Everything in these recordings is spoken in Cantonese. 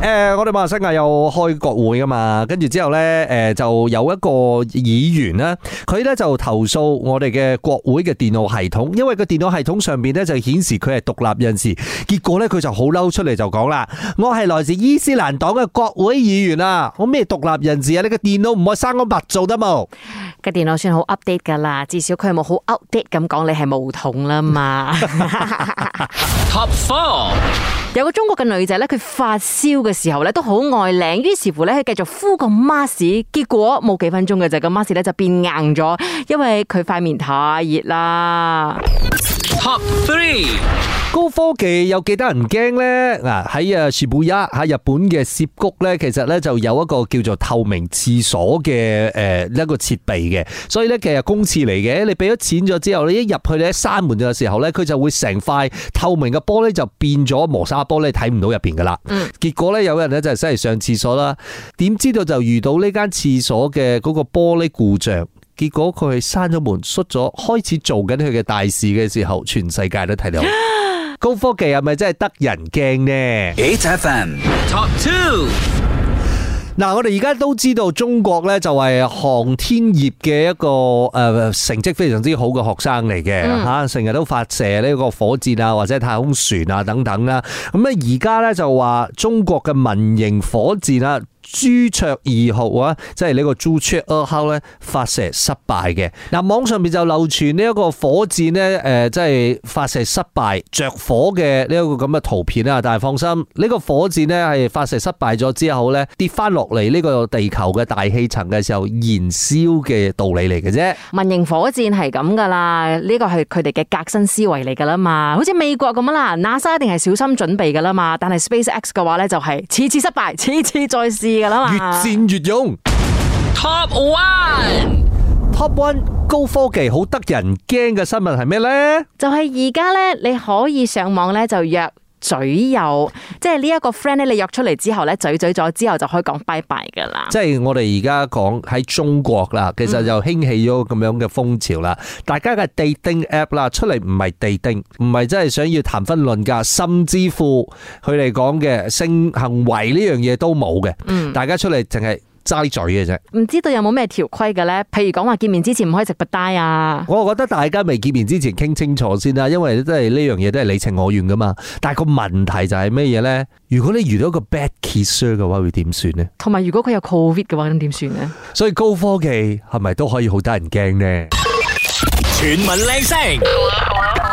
誒，我哋馬來西亞又開國會噶嘛？跟住之後咧，誒就有一個議員咧，佢咧就投訴我哋嘅國會嘅電腦系統，因為個電腦系統上邊咧就顯示佢係獨立人士，結果咧佢就好嬲出嚟就講啦：我係來自伊斯蘭黨嘅國會議員啊！我咩獨立人士啊？你個電腦唔可以生安白做得冇？個電腦算好 update 噶啦，至少佢係冇好 outdated 咁講你係無統啦嘛。Top four 有個中國嘅女仔咧，佢發燒嘅。嘅時候咧都好愛靚，於是乎咧繼續敷個 mask，結果冇幾分鐘嘅就個 mask 咧就變硬咗，因為佢塊面太熱啦。Top 高科技有幾得人驚呢？嗱，喺啊，Shibuya 喺日本嘅澀谷呢，其實呢就有一個叫做透明廁所嘅誒一個設備嘅，所以呢，其實公廁嚟嘅。你俾咗錢咗之後，你一入去咧閂門嘅時候呢，佢就會成塊透明嘅玻璃就變咗磨砂玻璃，睇唔到入邊噶啦。嗯、結果呢，有人呢就真係上廁所啦，點知道就遇到呢間廁所嘅嗰個玻璃故障，結果佢閂咗門，縮咗，開始做緊佢嘅大事嘅時候，全世界都睇到。高科技係咪真係得人驚呢？HFM Top Two，嗱，我哋而家都知道中國呢就係航天業嘅一個誒成績非常之好嘅學生嚟嘅吓，成日、嗯、都發射呢個火箭啊或者太空船啊等等啦。咁啊而家呢，就話中國嘅民營火箭啊。朱雀二號啊，即係呢、這個朱雀二號咧發射失敗嘅。嗱，網上面就流傳呢一個火箭呢，誒，即係發射失敗着火嘅呢一個咁嘅圖片啊。但係放心，呢個火箭呢，係發射失敗咗，這個，之後呢，跌翻落嚟呢個地球嘅大氣層嘅時候燃燒嘅道理嚟嘅啫。民營火箭係咁噶啦，呢個係佢哋嘅革新思維嚟噶啦嘛。好似美國咁樣啦，NASA 一定係小心準備噶啦嘛。但係 SpaceX 嘅話呢，就係次次失敗，次次再試。越戰越勇。Top One，Top One，Top one 高科技好得人驚嘅新聞係咩呢？就係而家呢，你可以上網呢，就約。嘴有，即係呢一個 friend 咧，你約出嚟之後咧，嘴嘴咗之後就可以講拜拜噶啦。即係我哋而家講喺中國啦，其實就興起咗咁樣嘅風潮啦，大家嘅 dating app 啦出嚟唔係 dating，唔係真係想要談婚論嫁，甚至乎佢哋講嘅性行為呢樣嘢都冇嘅。嗯，大家出嚟淨係。揸齋嘴嘅啫，唔知道有冇咩條規嘅咧？譬如講話見面之前唔可以食不帶啊！我覺得大家未見面之前傾清楚先啦，因為都係呢樣嘢都係你情我願噶嘛。但係個問題就係咩嘢咧？如果你遇到一個 bad kisser 嘅話，會點算咧？同埋如果佢有 covid 嘅話，咁點算咧？所以高科技係咪都可以好得人驚咧？全民靚聲。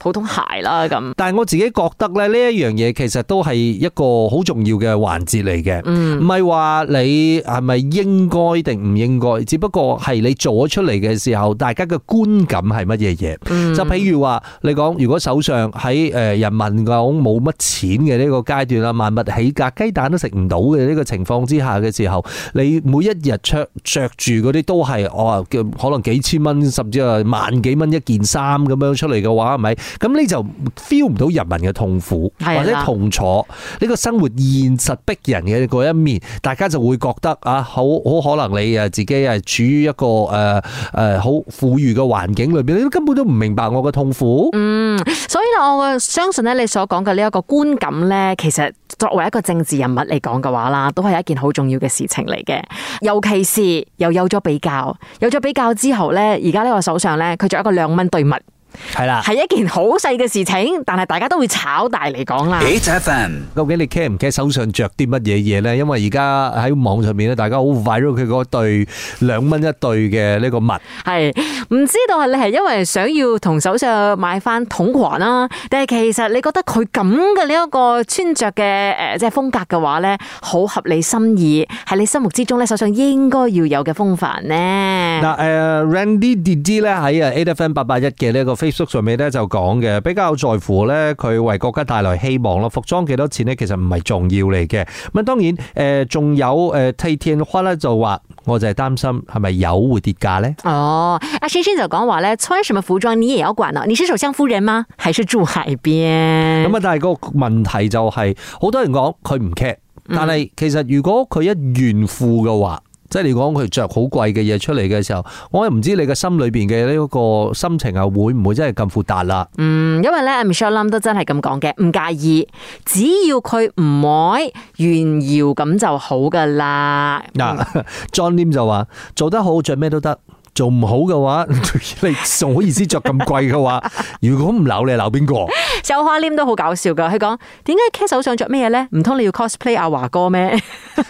普通鞋啦咁，但係我自己覺得咧，呢一樣嘢其實都係一個好重要嘅環節嚟嘅，唔係話你係咪應該定唔應該，只不過係你做咗出嚟嘅時候，大家嘅觀感係乜嘢嘢？就譬如話，你講如果手上喺誒人民講冇乜錢嘅呢個階段啦，萬物起價，雞蛋都食唔到嘅呢個情況之下嘅時候，你每一日著著住嗰啲都係我話叫可能幾千蚊，甚至係萬幾蚊一件衫咁樣出嚟嘅話，係咪？咁你就 feel 唔到人民嘅痛苦，或者痛楚，呢個生活現實逼人嘅嗰一面，大家就會覺得啊，好好可能你啊自己係處於一個誒誒好富裕嘅環境裏邊，你根本都唔明白我嘅痛苦。嗯，所以咧，我相信咧，你所講嘅呢一個觀感咧，其實作為一個政治人物嚟講嘅話啦，都係一件好重要嘅事情嚟嘅。尤其是又有咗比較，有咗比較之後咧，而家呢個手上咧，佢做一個兩蚊對物。係啦，係一件好細嘅事情，但係大家都會炒大嚟講啦。Adam，究竟你 care 唔 care 手上着啲乜嘢嘢咧？因為而家喺網上面咧，大家好 viral 佢嗰對兩蚊一對嘅呢個襪。係，唔知道係你係因為想要同手上買翻筒環啦，定係其實你覺得佢咁嘅呢一個穿着嘅誒即係風格嘅話咧，好合你心意？喺你心目之中咧，手上應該要有嘅風範咧？嗱，誒，Randy Didi 咧喺誒 8FM 八八一嘅呢個。Facebook 上面咧就講嘅，比較在乎咧佢為國家帶來希望咯。服裝幾多錢咧，其實唔係重要嚟嘅。咁當然誒，仲、呃、有誒 t 花咧就話，我就係擔心係咪有會跌價咧。哦，阿仙仙就講話咧，穿什麼服裝你也要管咯。你是首相夫人嗎？還是住海邊？咁啊、嗯，嗯、但係個問題就係、是，好多人講佢唔 care，但係其實如果佢一炫富嘅話，即係你講佢着好貴嘅嘢出嚟嘅時候，我又唔知你嘅心裏邊嘅呢一個心情啊，會唔會真係咁複雜啦？嗯，因為咧，阿 Michelle Lim 都真係咁講嘅，唔介意，只要佢唔會炫耀咁就好噶啦。嗱、嗯、 ，John Lim 就話，做得好着咩都得，做唔好嘅話，你 仲好意思着咁貴嘅話？如果唔鬧你鬧邊個？小花 Lim 都好搞笑噶，佢講，點解 Kate 手上着咩嘢咧？唔通你要 cosplay 阿、啊、華哥咩？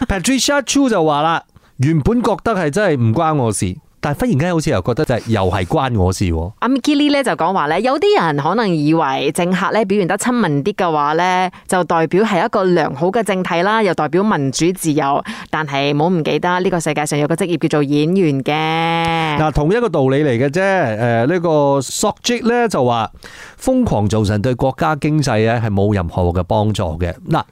Patricia Chu 就話啦。原本覺得係真係唔關我事，但係忽然間好似又覺得就係又係關我事。阿米基利咧就講話咧，有啲人可能以為政客咧表現得親民啲嘅話咧，就代表係一個良好嘅政體啦，又代表民主自由。但係冇唔記得，呢個世界上有個職業叫做演員嘅。嗱，同一個道理嚟嘅啫。誒、呃，這個、呢個索 o g 咧就話，瘋狂造成對國家經濟咧係冇任何嘅幫助嘅。嗱、呃。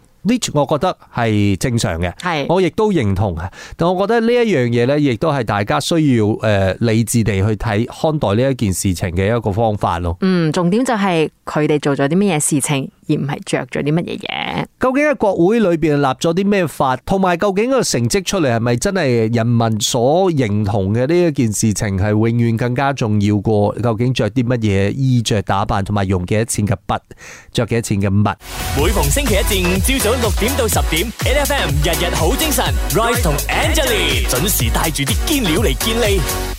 我覺得係正常嘅。係，我亦都認同嘅。但我覺得呢一樣嘢咧，亦都係大家需要誒理智地去睇看待呢一件事情嘅一個方法咯。嗯，重點就係佢哋做咗啲咩嘢事情。而唔係着咗啲乜嘢嘢究竟喺國會裏邊立咗啲咩法？同埋究竟嗰個成績出嚟係咪真係人民所認同嘅呢？一件事情係永遠更加重要過究竟着啲乜嘢衣着打扮，同埋用幾多錢嘅筆，着幾多錢嘅襪。每逢星期一至五朝早六點到十點，N F M 日日好精神 ，Rise 同 Angelie 準時帶住啲堅料嚟建立。